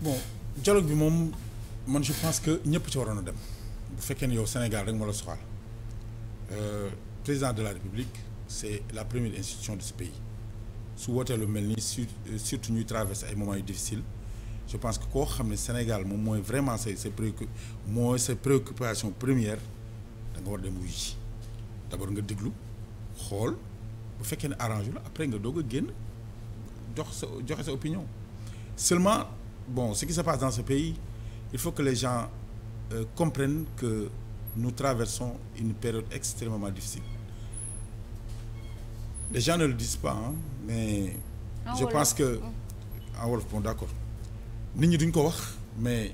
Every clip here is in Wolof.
bon dialogue bi moom man je pense que ñëpp ci waroon a dem bu fekkee ne yow Sénégal rek moo la soxal euh, président de la République c'est la première institution de ce pays su wootee lu mel nii euh, surtout ñuy traverser ay moments yu difficile je pense que koo xam ne Sénégal moom mooy vraiment say sa préocu mooy sa préoccupation première da nga war dem wuyu ji d'abord nga déglu xool bu fekkee ne arrange la après nga doog a génn jox sa joxe sa opinion seulement bon ce qui se passe dans ce pays il faut que les gens euh, comprennent que nous traversons une période extrêmement difficile les gens ne le disent pas mais je pense que ah wolof bon d'accord nit ñi duñ ko wax mais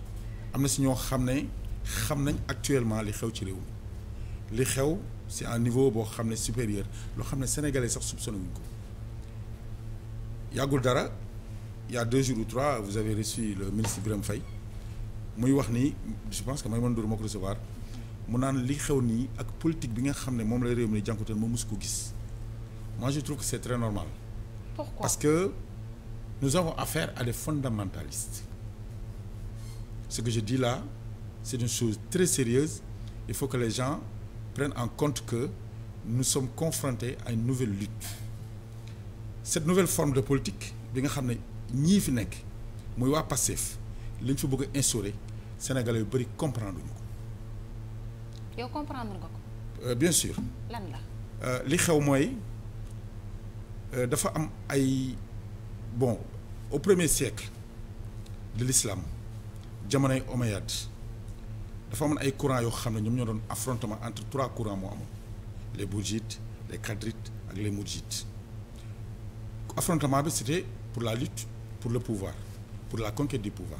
am na si ñoo xam ne xam nañ actuellement li xew ci réew li xew c'est un niveau boo xam ne supérieur loo xam ne sénégalais sax soupçonné wuñ ko yàggul dara il y deux jours ou trois vous avez reçu le ministre Birame Faye muy wax ni je pense que Maïmouna Ndour moo ko recevoir mu naan li xew nii ak politique bi nga xam ne moom la réew mi ni jànkuwutoon moom mosu ko gis moi je trouve que c'est très normal. parce que nous avons affaire à des fondamentalistes ce que je dis là c'est une chose très sérieuse il faut que les gens prennent en compte que nous sommes confrontés à une nouvelle lutte cette nouvelle forme de politique bi nga xam ne ñii fi nekk muy waa Pastef li ñu fi bëgg a instauré sénégalais yu bëri comprendre ñu ko. yow comprendre nga ko. Euh, bien sûr. Euh, li xew mooy euh, dafa am ay bon au premier siècle de l'islam jamonoy Omeyyade dafa amoon ay courants yoo xam ne ñoom ñoo doon affrontement entre trois courants moo amoon les bourgites les khadrites ak les mourjites affrontement bi c'était pour la lutte pour le pouvoir pour la conquête du pouvoir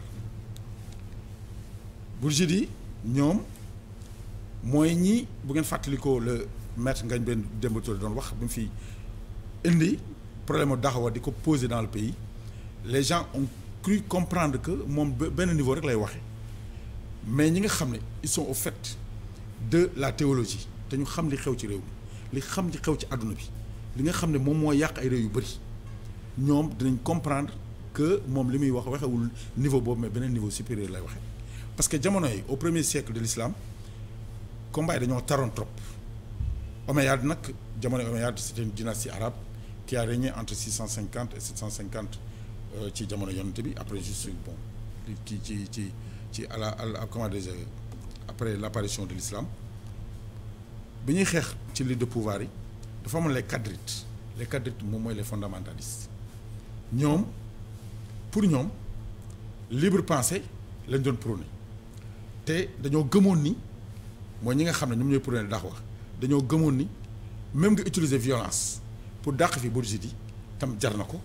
Bourgidi ñoom mooy ñi bu ngeen fàttalikoo le maître nga benn Demba Touré doon wax bi mu fi indi problème mu Daxawa di ko poser dans le pays les gens ont cru comprendre que moom benn niveau rek lay waxe mais ñi nga xam ne ils sont au fait de la théologie te ñu xam li xew ci réew mi li xam li xew ci àdduna bi li nga xam ne moom moo yàq ay réew yu bëri ñoom dinañ comprendre. que moom li muy wax waxewul niveau boobu mais beneen niveau supérieur lay waxee parce que jamono yi au premier siècle de l'islam combat yi dañoo taroon trop Omeyyade nag jamono Omeyyade c'était une dynastie arabe qui a régné entre six cent cinquante et sept cent euh, ci jamono yonent bi après juste bon ci ci ci ci à la à comment dire après l'apparition de l'islam bi ñuy xeex ci li de pouvoir yi dafa amoon les quadrites les quadrites moom mooy les fondamentalistes ñoom pour ñoom libre pensée lañ doon prôné te dañoo gëmoon nii mooy ñi nga xam ne ñoom ñooy prôné daax wax dañoo gëmoon nii même nga utiliser violence pour dàq fi bourgeoisie yi tam jar na ko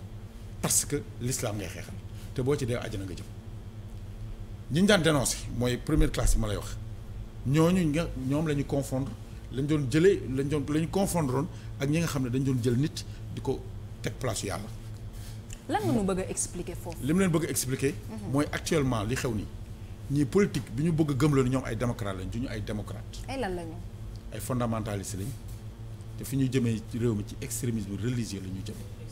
parce que l'islam ngay xeexal te boo ci dee àjjana nga jëm ñi ñu daan dénoncé mooy première classe bi ma lay wax ñooñu nga ñoom la ñu confondre lañ doon jëlee lañ doon la ñu confondre woon ak ñi nga xam ne dañ doon jël nit di ko teg place yàlla lan nga ñu bëgg a li mu leen bëgg expliqué mhm. mooy actuellement li xew nii ñii politique bi ñu bëgg a ñoom ay démocrate lañ du ñu ay démocrate. ay lan lañu. ay te fi ñu jëmee réew mi ci extrémisme religieux la ñu jëm.